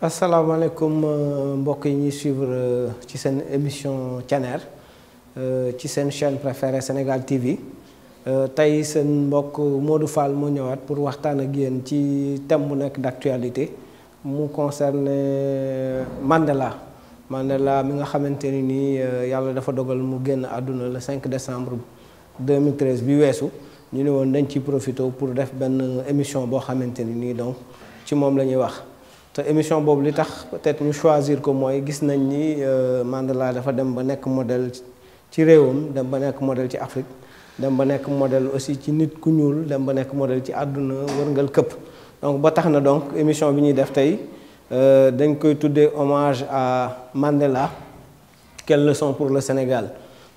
asalaamaaleykum euh, mbokk yi ñuy suivre euh, cette seen émission Thiéniere euh, ci seen chaîne préférée Sénégal TV tey seen mbokk Modou Fall pour waxtaan ak yéen ci thème d'actualité mu concerne Mandela Mandela mi nga xamante ni yalla dafa dogal mu génn le 5 décembre 2013 bi weesu ñu dañ profité pour def une émission boo xamante ni donc ci m'as la ñuy émission boobu li tax peut-être ñu choisir ko moi gis nañ ni euh, Mandela dafa dem ba nek modèle ci réewam dem ba nek modèle ci Afrique dem ba nek modèle aussi ci nit ku ñuul dem ba nek modèle ci aduna wërngal këpp donc ba tax na donc émission bi ñuy def euh dañ koy tuddé hommage à Mandela quelles leçons pour le Sénégal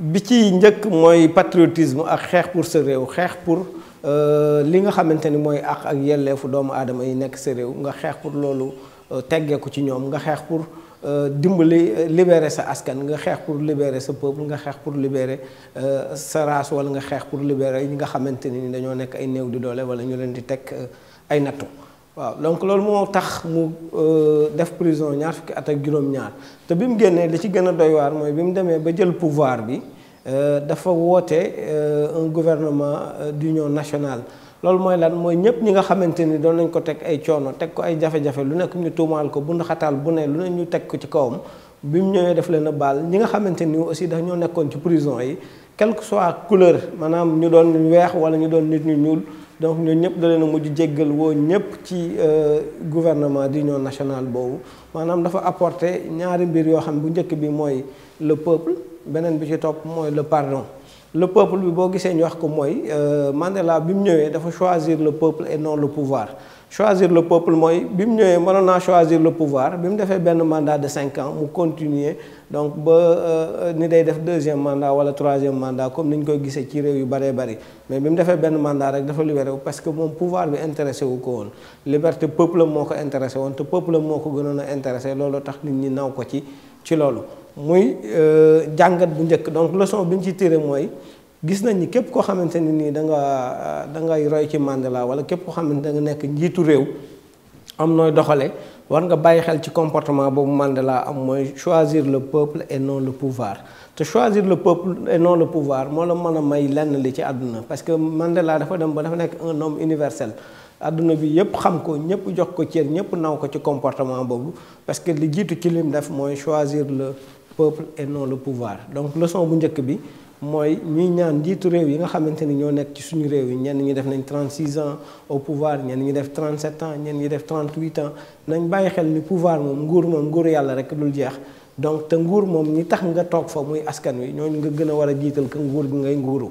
bi ci njëkk mooy patriotisme ak xeex pour sa réew xeex pour euh, li nga xamante ni mooy àq ak yelleefu doomu aadama yi nekk sa réew nga xeex pour loolu euh, teggeeku ci ñoom nga xeex pour euh, dimbali libérer sa askan nga xeex pour libérer sa peuple nga xeex pour libérer sa race wala nga xeex pour libérer ñi nga xamante ni dañoo nekk ay néew di doole wala ñu leen di teg ay nattu waaw donc loolu mo tax mu euh, def prison ñaar fukki at ak juróom-ñaar te bimu mu li ci gëna doy war moy bimu démé ba jël pouvoir bi euh dafa woté euh, un gouvernement euh, d'union nationale loolu moy lan moy ñëpp ñi nga xamante doon nañ ko tek ay choono tek ko ay jafé jafé lu nekk ñu tuumaal ko bu xataal bu ne lu ne ñu tek ko ci kawam bimu mu def leen bal ñi nga xamante aussi dafa ñoo nekkon ci prison yi quelque soit couleur manam ñu doon wéx wala ñu doon nit ñu ñuul. donc ñoo ñëpp da leen mujj jéggal woo ñëpp ci euh, gouvernement d'union nationale boobu maanaam dafa apporter ñaari mbir yoo xam bu njëkk bi mooy le peuple beneen bi ci topp mooy le pardon le peuple bi bo gisee ñu wax ko mooy euh, Mandela bi ñëwé dafa choisir le peuple et non le pouvoir choisir le peuple moy bi ñëwé mëna mënoon choisir le pouvoir Bim, défé ben mandat de cinq ans mu continuer donc ba euh, ni day def deuxième mandat wala troisième mandat comme niñ koy gissé ci réew yu bare bare mais bim, défé ben mandat rek dafa libéré parce que mon pouvoir bi intéressé wu ko won liberté peuple moko intéressé won te peuple moko gënon intéressé lolu tax nit ñi naw ko ci ci lolu muy euh, jangat bu ñëk donc leçon biñ ci tiré moy gis nañ ni képp koo xamante ni nii da nga da nga roy ci Mandela wala képp koo xamante da nga nekk njiitu réew am nooy doxale war nga bàyyi xel ci comportement boobu Mandela am mooy choisir le peuple et non le pouvoir te choisir le peuple et non le pouvoir moo la mën a may lenn li ci àdduna parce que Mandela dafa dem ba dafa nekk un homme universel àdduna bi yëpp xam ko ñëpp jox ko cër ñëpp naw ko ci comportement boobu parce que li jiitu ci lim def mooy choisir le peuple et non le pouvoir donc leçon bu njëkk bi moy ñuy ñaan njiitu réew yi nga xamanteni ni ñoo nekk ci suñu réew yi ñen ñi def nañ 36 ans au pouvoir ñen ñi def 37 ans ñen ñi def 38 ans nañ bàyyi xel ni pouvoir mom nguur mom nguur Yalla rek dul jeex donc te nguur mom ñi tax nga tok fa muy askan wi ñooñu nga gëna wara war ke nguur bi ngay nguuru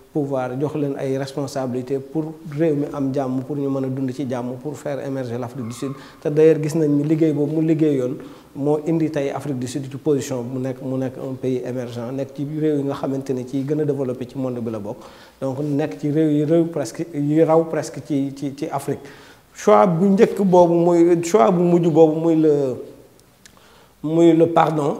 pouvoir jox leen ay responsabilités pour réew mi am jàmm pour ñu mën a dund ci jàmm pour faire émerger l' Afrique du Sud te d' ailleurs gis nañ ni liggéey boobu mu liggéeyoon moo indi tey Afrique du Sud ci position mu nekk mu nekk un pays émergent nekk ci réew yi nga xamante ne ci gën a développé ci monde bi la bokk donc nekk ci réew yi réew presque yi raw presque ci ci ci Afrique choix bu njëkk boobu muy choix bu mujj boobu muy le muy le pardon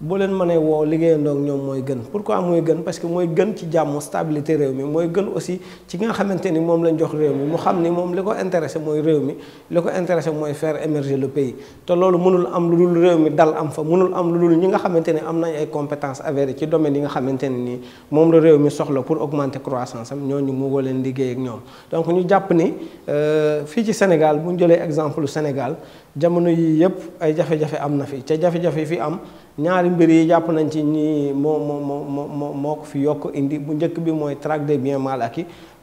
boo leen mënee woo liggéeyandoo ñoom mooy gën pour pourquoi mooy gën parce que mooy gën ci jàmm stabilité réew mi mooy gën aussi ci nga xamante ni moom lañ jox réew mi mu xam ni moom li ko intéressé mooy réew mi ko intéressé mooy faire émerger le pays te loolu mënul am lu dul réew mi dal am fa mënul am lu dul ñi nga xamante ni am nañ ay compétence avérées ci domaine yi nga xamante ne ni moom la réew mi soxla pour augmenter croissance am ñooñu mu woo leen liggéey ak ñoom donc ñu jàpp ni euh, fii ci Sénégal bu ñu jëlee exemple Sénégal jamono yii yëpp ay jafe am na fi ca jafe-jafe fi am ñaari mbir yi jàpp nañ ci ñi moo moo moo moo moo ko fi yokk indi bu njëkk bi mooy traque des biens mal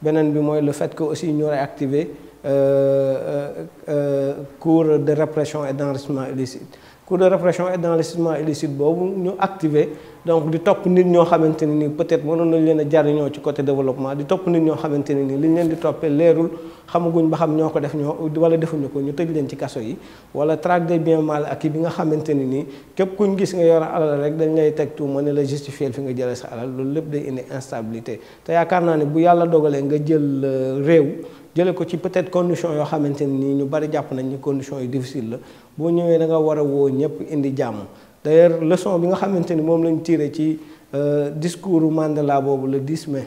beneen bi mooy le fait que aussi ñu réactiver euh, euh, euh, cours de répression et d'enrichissement illicite cour de répression et d'enrichissement illicite boobu ñu activé donc di topp nit ñoo xamante ne nii peut-être mënoon nañ leen a jariñoo ci côté développement di topp nit ñoo xamante ne nii liñ leen di toppee leerul xamaguñ ba xam ñoo ko def ñoo wala defuñu ko ñu tëj leen ci kaso yi wala traque des biens mal acquis bi nga xamante ne nii képp kuñ gis nga yor alal rek dañ lay teg tuuma ne la justifier fi nga jëlee sa alal loolu lépp day indi instabilité te yaakaar naa ne bu yàlla dogalee nga jël euh, réew jële ko ci peut-être condition yo xamanteni ni ñu bari japp nañ ni condition yu difficile la bo ñëwé da nga wara wo ñëpp indi jamm d'ailleurs leçon bi nga xamanteni mom moom lañ tiré ci euh, discoursu Mandela bobu le 10 mai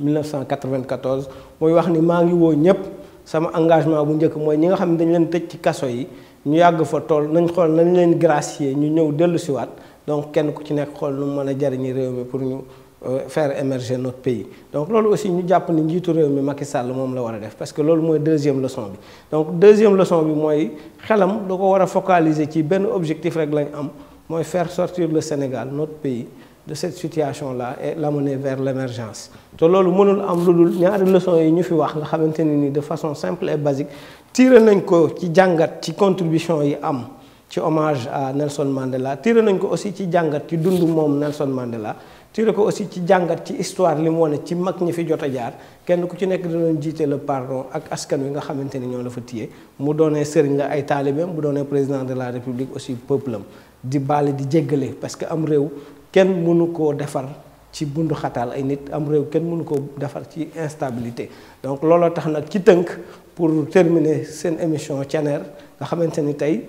1994 moy wax ni ma ngi wo ñëpp sama engagement bu njëkk moy ñi nga xam dañ leen tëj ci kasso yi ñu yag fa tool nañ xol nañ leen gracier ñu ñëw delu ci wat donc kenn ku ci nekk xol lu mëna jarigni jariñi réew mi pour ñu euh, faire émerger notre pays donc loolu aussi ñu avons ni njiitu réew mi Macky Sall la war parce que c'est la deuxième leçon bi donc deuxième leçon bi mooy xelam da ko focaliser ci ben objectif rek lañ am faire sortir le Sénégal notre pays de cette situation là et la mener vers l'émergence Donc nous mënul am lu dul ñaari leçon yi ñu fi wax nga de façon simple et basique Tirer nañ ko ci jàngat ci contribution yi ci hommage à Nelson Mandela tiré nañ ko aussi ci jangat ci dund mom Nelson Mandela tiré ko aussi ci jangat ci histoire li mu ci mag ñi fi jot jaar kenn ku ci nek da doon le pardon ak askan wi nga xamanteni ñoo la fa téye mu donné sëriñ la ay bu donné président de la république aussi peuple di baale di djéggelé parce que am réew kenn mënu ko défar ci bundu xataal ay nit am réew kenn mënu ko défar ci instabilité donc lolo tax nak ci teunk pour terminer sen émission Thiéniere nga xamanteni tay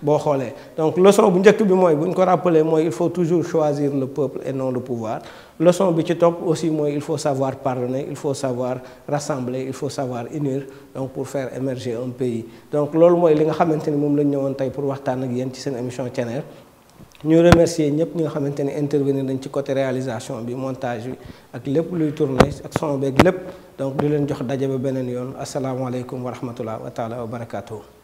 boo xoolee donc leçon bu njëkk bi mooy bu ko rappeler mooy il faut toujours choisir le peuple et non le pouvoir leçon bi ci top aussi moi, il faut savoir pardonner il faut savoir rassembler il faut savoir unir donc pour faire émerger un pays donc loolu mooy li nga xamante ni moom lañ ñëwoon pour waxtaan ak yéen ci Sen émission Thiéniere ñu remercier ñëpp ñi nga xamante intervenir nañ ci côté réalisation bi montage bi ak lépp luy tourner ak son beeg donc di leen jox daje ba beneen yoon alaikum wa rahmatullah wa taala wa barakaatu.